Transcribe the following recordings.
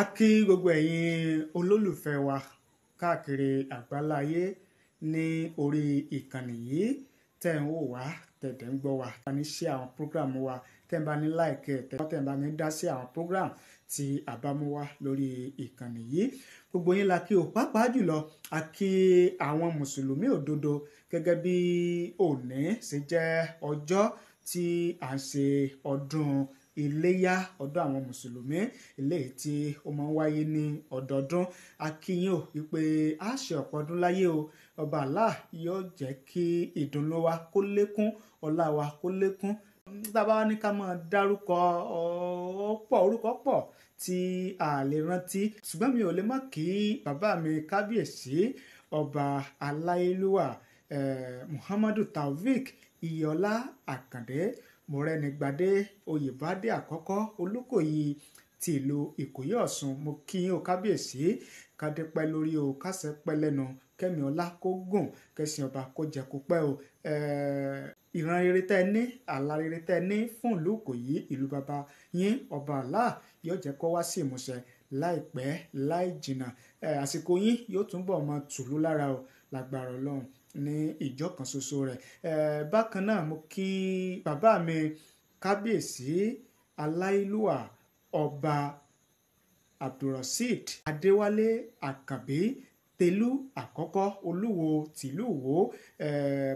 a kí gbogbo ẹ̀yin olólùfẹ́ wa káàkiri àgbáláyé ní orí ìkànnì yìí tẹ̀ ń wò wá tẹ̀tẹ̀ ń gbọ́ wa tẹ̀ ń ṣe àwọn program wa tẹ̀ ń bá ní like tẹ̀ tẹ̀ ń bá ní dá sí àwọn program tí a bá mú wá lórí ìkànnì yìí gbogbo yín la kí o pàápàá jùlọ a kí àwọn mùsùlùmí òdodo gẹ́gẹ́ bí òní ṣe jẹ́ ọjọ́ tí à ń ṣe ọdún iléyá ọ̀dọ̀ àwọn mùsùlùmí eléyìí tí ó máa ń wáyé ní ọdọọdún akínyìn ò wípé a ṣe láyé o ọba Allah yóò jẹ́ kí ìdùnnú wa kó lékún ọlá wa kó lékún tábà ní ká máa dárúkọ ọ̀pọ̀ orúkọ pọ̀ tí a lè rántí ṣùgbọ́n mi ò lè má kí bàbá mi kábíyèsí ọba aláyélúwà eh, Muhammadu Taofik Iyọlá Àkàndé mọ̀rẹ́nigbàdé oyèbádé àkọ́kọ́ olùkòyí ti ìlú ìkòyí ọ̀sùn mo kí o kábíyèsí kádépẹ́ lórí o kásẹ̀ pẹ́ lẹ́nu kẹ́mi ọlá kó gùn kẹsìn ọba kó jẹ kó pẹ́ o ìran rere tẹ́ ní àlá rere tẹ́ ní fún ìlú ìkòyí ìlú baba yín ọba àlá yóò jẹ́ kó wá sí ìmúṣẹ láìpẹ́ láì jìnnà àsìkò yín yóò túnbọ̀ máa tùlú lára o lágbára ọlọ́run ní ìjọ kan ṣoṣo rẹ̀ bákan náà mo kí bàbá mi kábíyèsí aláìlúwà ọba abdulrasheed adéwálé àkàbí tẹ̀lú àkọ́kọ́ olúwo tìlú wo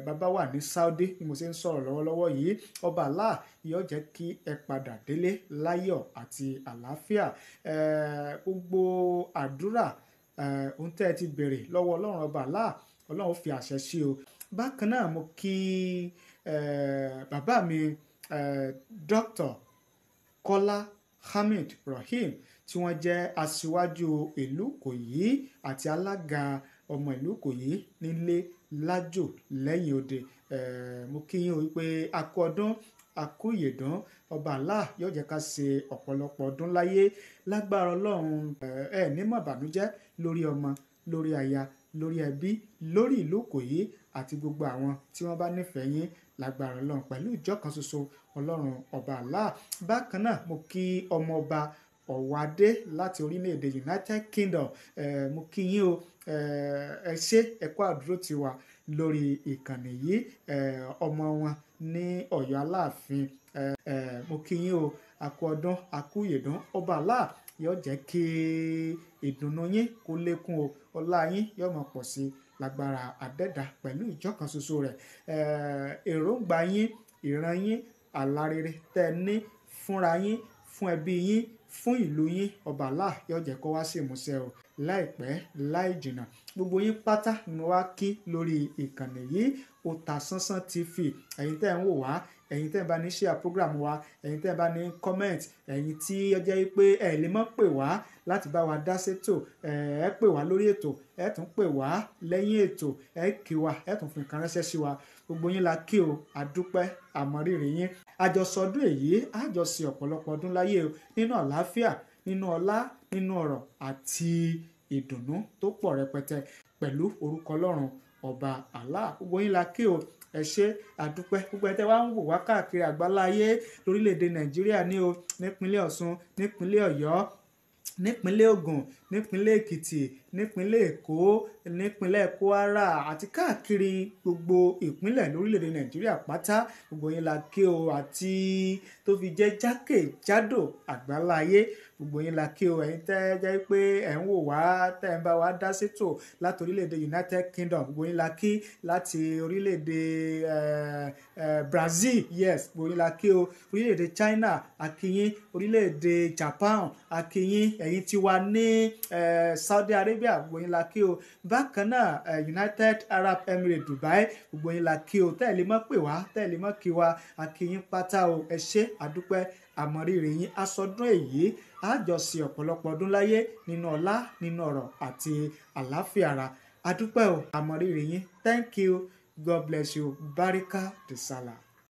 bàbá wà ní Saudi bí mo ṣe ń sọ̀rọ̀ lọ́wọ́lọ́wọ́ yìí ọba Allah yóò jẹ́ kí ẹ padà délé láyọ̀ àti àlàáfíà gbogbo àdúrà ohun tẹ́ ẹ ti béèrè lọ́wọ́ ọlọ́run ọba Allah ọlọ́run fi àṣẹ sí o bákan náà mo kí bàbá mi dr Kọ́lá Hamid Rahim tí wọ́n jẹ́ aṣíwájú ìlú Ìkòyí àti alága ọmọ ìlú Ìkòyí nílé lájò lẹ́yìn òde mo kí yín wípé a kú ọdún a kú ìyèdún ọba Allah yóò jẹ́ ká ṣe ọ̀pọ̀lọpọ̀ ọdún láyé lágbára ọlọ́run ẹ ní mọ̀ bànújẹ́ lórí ọmọ lórí aya lórí ẹbí lórí ìlú Ìkòyí àti gbogbo àwọn tí wọ́n bá nífẹ̀ẹ́ yín lágbára ọlọ́run pẹ̀lú ìjọ kan ṣoṣo ọlọ́run ọba Allah bákan náà mo kí ọmọ ọba ọ̀wádé láti orílẹ̀-èdè United Kingdom mo kí yín o ẹ ṣé ẹ kú àdúró tiwa lórí ìkànnì yìí ọmọ wọn ní Ọ̀yọ́ Aláàfin mo kí yín o àkú ọdún àkú ìyèdún ọba àlá yóò jẹ́ kí ìdùnnú yín kó lékún o ọlá yín yóò mọ̀ pọ̀ sí lágbára àdẹ́dà pẹ̀lú ìjọkan ṣoṣo rẹ̀ èròǹgbà yín ìran yín àlá rere tẹ́ ní fúnra yín fún ẹbí yín fún ìlú yín ọba Allah yóò jẹ́ kó wá sí ìmúṣẹ o láìpẹ́ láì jìnnà gbogbo yín pátá ni mo wá kí lórí ìkànnì yìí Otasansan TV ẹ̀yin tẹ́ ń wò wá ẹ̀yin tẹ́ ń bá ní share program wa ẹ̀yin tẹ́ ń bá ní comment ẹ̀yin tí ó jẹ́ pé ẹ lè mọ́ pè wá láti bá wa dá sétò ẹ pè wá lórí ètò ẹ tún pè wá lẹ́yìn ètò ẹ kí wa ẹ tún fi nǹkan ránṣẹ́ sí wa gbogbo yín la kí o àdúpẹ́ àmọ́rírì yín àjọsọdún èyí àjọsìn ọ̀pọ̀lọpọ̀ ọdún láyé o nínú àlàáfíà nínú ọlá nínú ọrọ̀ àti ìdùnnú tó pọ̀ rẹpẹtẹ pẹ̀lú orúkọ ọlọ́run ọba Allah gbogbo kí o ẹ ṣé àdúpẹ́ gbogbo ẹ tẹ́ wá ń wò wá káàkiri àgbáláyé lórílẹ̀‐èdè nàìjíríà ní o nípínlẹ̀ ọ̀ṣun nípínlẹ̀ ọ̀yọ́ nípínlẹ̀ ògùn nípínlẹ̀ èkìtì nípínlẹ̀ èkó nípínlẹ̀ kwara àti káàkiri gbogbo ìpínlẹ̀ lórílẹ̀‐èdè nàìjíríà pátá gbogbo yín la kí o àti tó fi jẹ́ jákèjádò àgbáláyé gbogbo yín la kí o ẹ̀yin tẹ́ jẹ́ pé ẹ̀ ń wò wá tẹ́ ń bá wa dá sétò láti orílẹ̀‐èdè united kingdom gbogbo yín la kí láti orílẹ̀‐èdè eh, eh, brazil yes gbogbo yín la kí o orílẹ̀‐èdè china a kí yín orílẹ̀‐èdè japan a kí ẹ̀yin tí wà ní Saudi Arabia gbogbo yín la kí o bákan náà United Arab Emirates Dubai gbogbo yín la kí o tẹ́lẹ̀ mọ́ pè wá tẹ́lẹ̀ mọ́ kí wa a kí yín pátá o ẹ ṣé àdúpẹ́ àmọ̀rírì yín aṣọdún èyí àjọṣe ọ̀pọ̀lọpọ̀ ọdún láyé nínú ọlá nínú ọ̀rọ̀ àti àlàáfíà ara àdúpẹ́ o àmọ̀rírì yín thank you God bless you barika de salam.